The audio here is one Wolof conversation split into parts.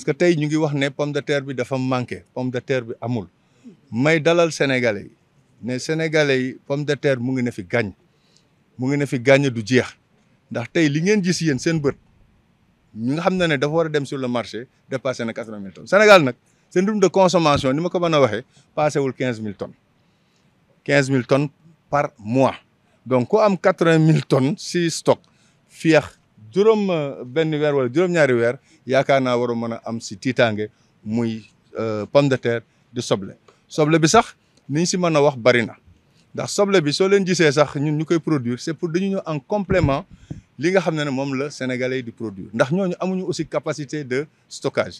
parce que tay ñu ngi wax né pomme de terre bi dafa manqué pomme de terre bi amul may dalal sénégalais yi ne sénégalais yi pomme de terre mu ngi na fi gagne mu ngi na fi gagne du jeex ndax tay li ngeen gis yeen seen bët ñu nga xam ne dafa wara dem sur le marché dépasser na 80000 tonnes Sénégal nak seen rythme de consommation ni ma ko mëna waxé passé wul 15000 tonnes 15000 tonnes par mois donc ko am 80000 tonnes si stock fiex ak ben wer wala juróom-ñaari wer yaakaar naa war a mën a am si tiitaange muy euh, pomme de terre di soble soble bi sax niñ si mën a wax bari na ndax soble bi soo leen gisee sax ñun ñu koy produire c'est pour dañu ñëw en complément li nga xam ne ne moom la sénégalais yi di produire ndax ñooñu amuñu aussi capacité de stockage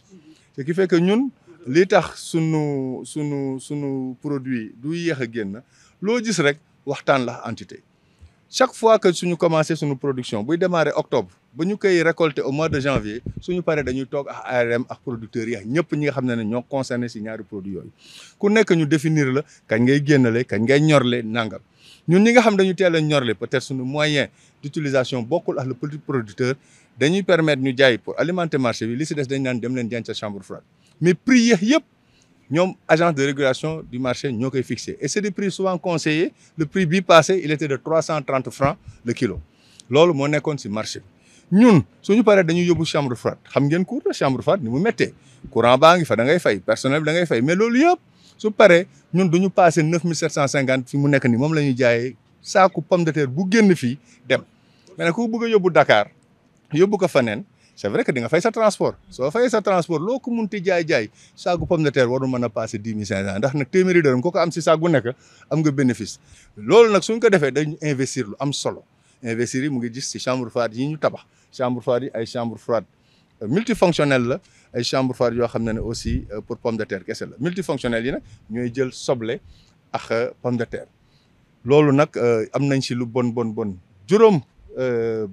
ce qui fait que ñun li tax sunu sunu sunu produit du yéex a génn loo gis rek waxtaan la entité chaque fois que suñu commencé suñu production buy démarrer octobre si nous au mois de janvier suñu nous dañuy de ak ARM ak concerné produits Nous ku définir la kañ ngay le kañ nangam ñun ñi nga xam peut-être suñu moyen d'utilisation beaucoup le petit producteur permettre pour alimenter marché chambre froide mais prix de régulation du marché nous fixé et c'est des prix souvent conseillés le prix bi passé il était de 330 francs le kilo loolu compte sur le marché ñun suñu paree dañuy yóbbu chambre froide xam ngeen cour de chambre froide ni mu méttee courant baa ngi fa da ngay fay personnel bi da ngay fay mais loolu yëpp su paree ñun duñu passé neuf mille sept cent cinquante fi mu nekk ni moom la ñuy jaayee saaku pomme de terre bu génn fii dem mais nag ku bëgg a dakaar Dakar ka fa faneen c' est vrai que di nga fay sa transport soo fayee sa transport loo ko ti jaay-jaay saagu pomme de terre waru mën a passé dix mille cinq cent ndax nag téeméeri dërëm ko ko am si saagu nekk am nga bénéfice loolu nag suñ ko defee dañu investir lu am solo investir mu ngi gis ci chambre froide yi ñu tabax chambre froide yi ay chambre froide euh, multifonctionnel la ay chambre froide yoo xam ne ne aussi euh, pour pomme de terre kese la multifonctionnel yi nag ñooy jël soble ak euh, pomme de terre loolu nag am nañ si lu bon bon bon juróom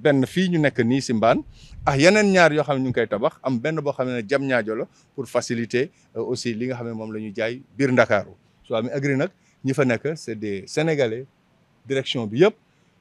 benn fii ñu nekk nii si mbaan ak yeneen ñaar yoo xam ne ñu ngi koy tabax am benn boo xam ne jam ñaajo la pour faciliter aussi li nga xam ne moom la ñu jaay biir Ndakaaru soo Swami Agri nag ñi fa nekk c'est des sénégalais direction bi yëpp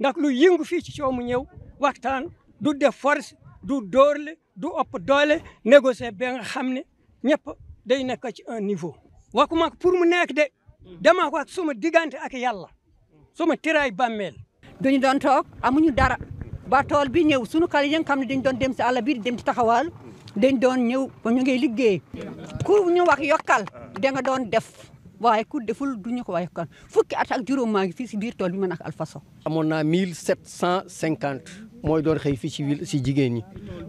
ndax lu yëngu fii ci coow mu ñëw waxtaan du def force du dóorle du ëpp doole négocier ba nga xam ne ñëpp day nekk ci un niveau. waxuma ko pour mu nekk de damaa ko ak suma diggante ak yàlla suma tiraay bàmmeel. duñu doon toog amuñu dara ba tool bii ñëw sunu kàlla yi nga xam ne dañu doon dem si àll biir dem ci taxawaal dañ doon ñëw ba ñu ngi liggéey. ku ñu wax yokkal da nga def. waaye ku deful du ñu ko waaye kan fukki at ak juróom maa ngi fii si biir tool bi man ak Alpha Sow amoon naa mille sept cent cinquante mooy doon xëy fii si wil si jigéen ñi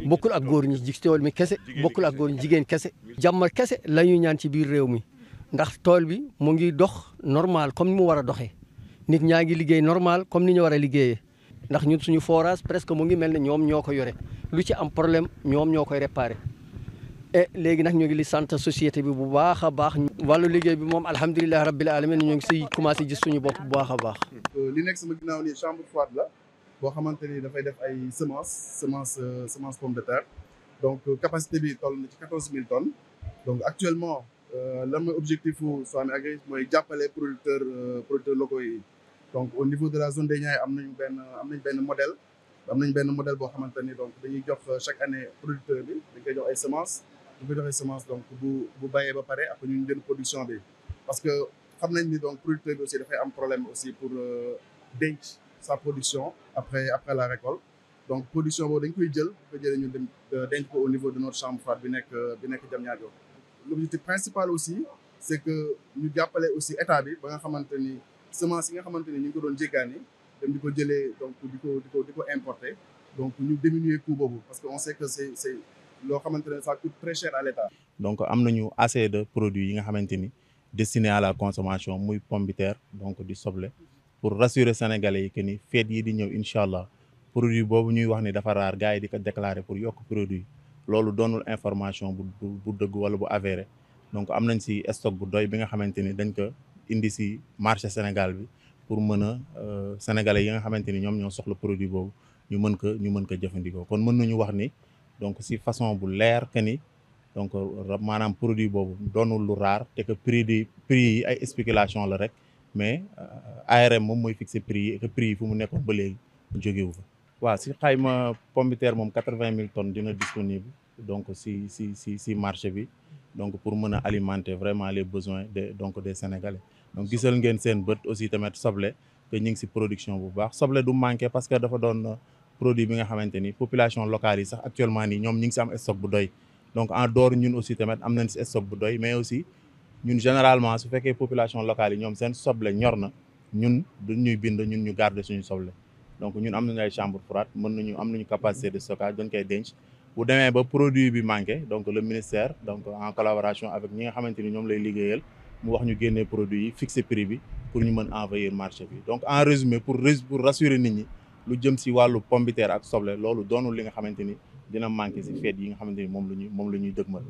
bokkul ak góor ñi tool mi kese bokkul ak góor ñi jigéen kese jàmmal kese la ñuy ñaan si biir réew mi ndax tool bi mu ngi dox normal comme ni mu war a doxee nit ñaa ngi liggéey normal comme ni ñu war a ndax ñun suñu forage presque mu ngi mel na ñoom ñoo ko yore lu ci am problème ñoom ñoo koy réparé et eh, légui nak ñu ngi li sante société bi bu baax baax walu liggéey bi mom alhamdoulillah rabbil alamin ñu ngi si commencé gis suñu bopp bu baax baax euh, li nek sama ginaaw ni chambre froide la bo xamanteni da fay def ay semences semences euh, semences pomme de terre donc euh, capacité bi toll na ci 14000 tonnes donc actuellement euh, mooy objectif u Swami Agri mooy jàppale producteur producteur locaux yi donc au niveau de la zone des Niayes amnañu ben amnañu ben modèle amnañu ben modèle bo xamanteni donc dañuy jox chaque année producteur bi dañ koy jox ay semences bu ñu joxee semence donc bu bu bayee ba pare après ñu jël production bi parce que xam nañ ni donc producteur bi aussi dafay am problème aussi pour euh, dent sa production après après la récolte donc production boobu dañ koy jël bu euh, ko ñu au niveau de notre chambre froide bi nekk euh, bi nekk Diamniadio l'objectif principal aussi c'est que ñu jàppale aussi état bi ba nga xamante ni semence yi nga nous ni ñu ngi du doon dem donc du ko du ko importer donc ñu diminuer coût boobu parce que on sait que c'est c'est loo xamante ça coûte très cher à l'État. donc am nañu assez de produits yi nga xamante ni à la consommation muy pomme donc du soble pour rassurer sénégalais yi que ni fête yi di ñëw incha allah produit boobu ñuy wax ni dafa raar gars yi di ko déclarer pour yokk produit loolu doonul information bu bu dëgg wala bu avéré donc am nañ si stock bu doy bi nga xamante ni dañ ko indi marché Sénégal bi pour mën euh, sénégalais yi nga xamante ni ñoom ñoo soxla produit boobu ñu mën ko ñu mën ko jëfandikoo kon mën nañu wax ni donc si façon bu leer que ni donc manam produit bobu doonul lu rare té que prix di prix ay spéculation la rek mais euh, ARM mom moy fixer prix et que prix yi fu mu nekkoon ba légui jógewu fa si xayma pomme de terre moom quatre-vingt tonnes dina disponible donc si si si si marché bi donc pour mën alimenter vraiment les besoins de donc des sénégalais donc gisal ngeen sen beut aussi tamit soble que ñing ci production bu baax soble du manquer parce que dafa doon produit bi nga xamante population locale actuellement nous avons ñu ngi stock bu doy donc en dehors nous aussi nous am nañ stock bu doy mais aussi nous, généralement su fekkee population locale yi ñoom seen soble ñor nous ñun du ñuy bind ñun ñu garder suñu donc nous am nañu ay chambre froide mën nañu am nañu capacité de stockage nous avons denc bu demee ba produit bi donc le ministère donc en collaboration avec ñi nga xamante ni ñoom lay liggéeyal mu wax ñu génnee produit yi fixer prix bi pour ñu envoyer le marché donc en résumé pour pour rassurer nit ñi lu jëm si wàllu pombiteer ak soble loolu doonul li nga xamante ni dina manqué si feet yi nga xamante ni moom la ñuy moom la ñuy dëgmal